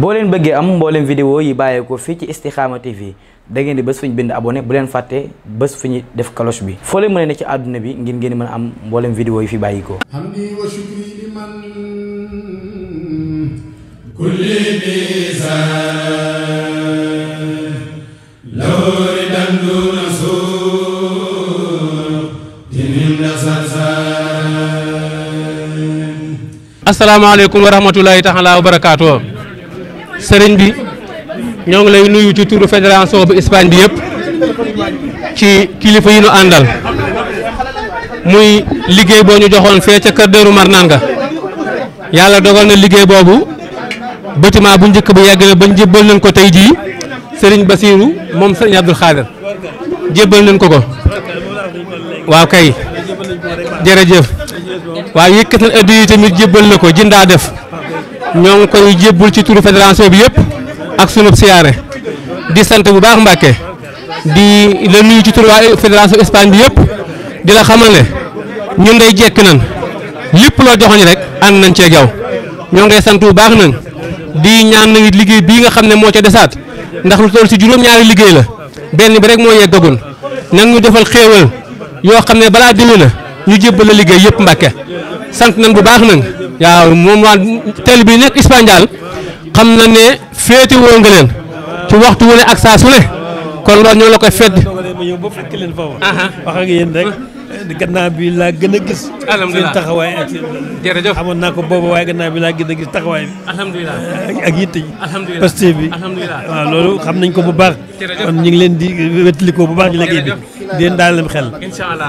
boo leen bëggee am mbooleem vidéo yi bàyyeekoo fii ci Istikhama TV dangeen di bés fu ñu bind abone bu leen fàtte bés fu ñu def cloche bi foo leen mën a ne ci àdduna bi ngir ngeen mën am mbooleem vidéo yi fi bàyyikoo hamdi wa shukri liman kulli mizan lawri danduna asalaamaaleykum wa rahmatulahi taala wa barakaatu sëriñ bi ñoo ngi lay nuyu ci turu fédération bu Espagne bi yëpp ci kilifa yi ñu àndal muy liggéey boo ñu joxoon fee ca liggéey boobu bâtiment bu njëkk bu yegg na bañ jébbal nañ ko tey jii sëriñ Basiiru moom sëriñ Abdul Xaadir jébbal nañ ko ko waaw kay jërëjëf waaw yëkkat nañ addi yi tamit jébbal na ko jindaa def ñoo ngi koy jébbul ci turu fédération bi yëpp ak sunu siyaare di sant bu baax Mbàkke di la nuyu ci turu waa fédération bi yëpp di la xamal ne ñun day jekk nan lépp loo joxoñ rek ànd nañ cee yow ñoo ngay sant bu baax nañ di ñaan nañu liggéey bii nga xam ne moo ca desaat ndax lu toll si juróom-ñaari liggéey la benn bi rek moo yeggagun nag ñu defal xéewal yoo xam ne balaa dimi na ñu jébbal la liggéey yëpp Mbàkke sant nañ bu baax nag waaw moom waa teel bi nekk Espagne daal xam na ne féete woo nga leen ci waxtu wu ne ak saa su ne kon loolu ñoo la koy fedd. wax ak yéen rek. Eh, gannaaw bi laa gën a gis. alhamdulilah seen taxawaay ak seen. jërëjëf amoon naa ko boobu waaye gannaaw bi laa gën a gis taxawaay bi. ak yitte yi. alhamdulilah bi. waaw loolu xam nañ ko bu baax. kon ñu ngi leen di wétlikoo bu baax di liggéey bi. di leen daal leen xel.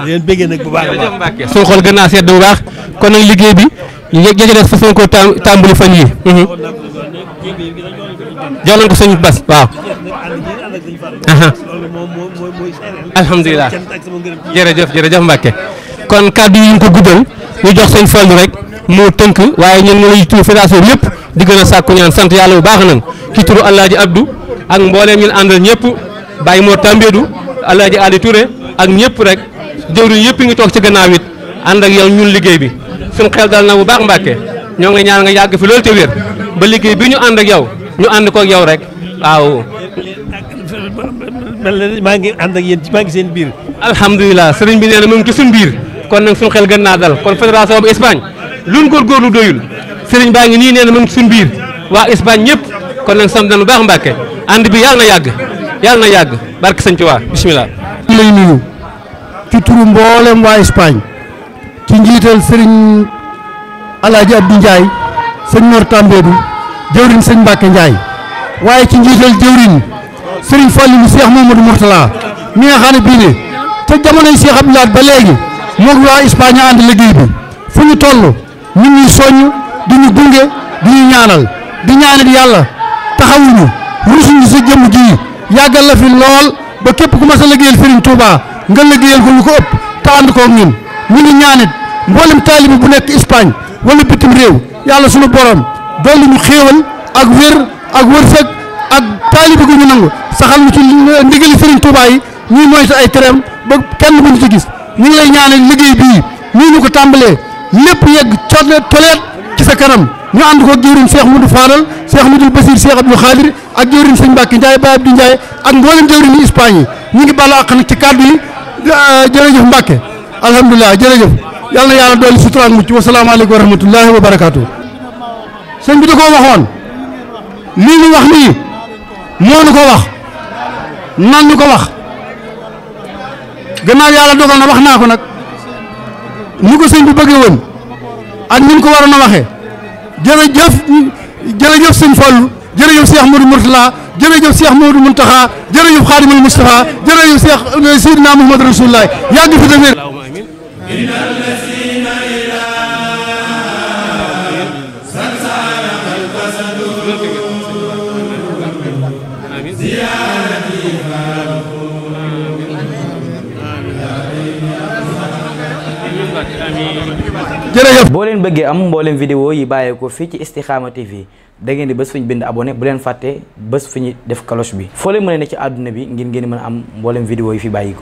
leen béggee nag bu baax a baax. gën naa sedd bu baax kon nag liggéey bi ñu ngi des fa soog koo tàmbali fan yii. jox nañ ko sëñ Bas waaw. alhamdulilah jërëjëf jërëjëf Mbacke kon kàddu yi ñu ko guddal ñu jox sëñ Fallu rek moo tënk waaye ñun ñu lay tuur fédération bi yëpp di gën a sàkku ñaan sant yàlla bu baax nañ ki turu Alaaji Abdou ak mbooleem ñu àndal ñëpp moo Mor Tambédou Alaaji Ali Touré ak ñëpp rek jëwriñ yëpp ngi toog ci gannaaw it ànd ak yow ñun liggéey bi suñu xel dal na bu baax Mbacke. ñoo ngi lay ñaan nga yàgg fi loolu te wér ba liggéey bi ñu ànd ak yow ñu ànd ko ak rek waaw. maa ngi ànd ak yéen maa ngi seen biir. alhamdulilah sëriñ bi nee na mu ngi ci suñu biir kon nag suñu xel gën naa dal kon fédération bu Espagne luñ góorgóorlu doyul sëriñ baa ngi nii nee na mu ngi ci suñu biir waa Espagne ñëpp kon nag sant nañu baax Mbàkke ànd bi yàlla na yàgg yàlla na yàgg barke sëñ Tuubaa bisimilah. lay nuyu ci turu mboolem waa Espagne ci njiital alaaji Abdou Ndiaye sëñ Mor Tambédou jëwriñ sëñ Mbacke Ndiaye waaye ci njiital jëwriñ sëriñ Fallou Cheikh Mamadou Mourtala mi nga xam ne bii ne te jamonoy Cheikh Abdou Lahad ba léegi moog waa Espagne ànd liggéey bi fu ñu toll ñu ñuy soññ di ñu gunge di ñu ñaanal di ñaanal yàlla taxawuñu rusuñu sa jëmm ji yàggal la fi lool ba képp ku mas a liggéeyal Sëriñ Touba nga liggéeyal ko lu ko ëpp te ànd koog ñun ñu ngi ñaanit mboolem taalibe bu nekk wala bitim réew yàlla sunu borom dolli ñu xéewal ak wér ak wërsëg ak taalibe gu ñu nangu saxal ñu ci ndigali Serigne Touba yi ñuy moytu ay tereem ba kenn bu ñu ci gis ñu ngi lay ñaanal liggéey bii nii ko tàmbalee lépp yegg cotle toleet ci sa kanam ñu ànd ko jëwriñ seex Moudou Fadal Cheikh Moudou Basir Cheikh Abdou Khadir ak jëwriñ Sëñ Mbacke Ndiaye Baye Abdou Ndiaye ak mboolem jëwriñ yi Espagne yi ñu nag ci kàddu yi jërëjëf Mbacke alhamdulilah jërëjëf yal na yàlla dolli sutura ak mucc wasalaamaaleykum wa rahmatullahi wa barakaatu. sëñ bi da koo waxoon lii ñu wax nii moo ñu ko wax nan ñu ko wax gannaaw yàlla dogal na wax naa ko nag ni ko sëñ bi bëggee woon ak ni ko waroon a waxee jërëjëf jërëjëf sëñ Fallu jërëjëf Cheikh Modou Mourtala jërëjëf Cheikh Modou Mountakha jërëjëf Khadimul Moustapha jërëjëf Cheikh euh, Seydina Mouhamadou Rasulullah yàgg fi jërëjëf boo leen bëggee am mboolem vidéo yi bàyyeekoo fii ci Istikhama TV da ngeen di bés fu ñu bind abonné bu leen fàttee bés fu ñu def cloche bi foo leen mën a ne ci àdduna bi ngir ngeen mën a am mboolem vidéo yi fi bàyyikoo